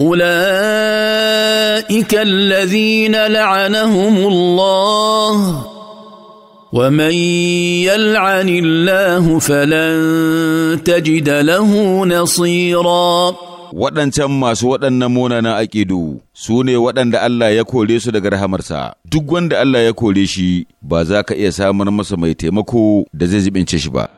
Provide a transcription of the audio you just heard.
اولئك الذين لعنهم الله ومن يلعن الله فلن تجد له نصيرا waɗancan masu waɗannan munanan aƙidu su ne waɗanda Allah ya kore su daga rahamarsa duk wanda Allah ya kore shi ba za ka iya samar masa mai taimako da zai zibince shi ba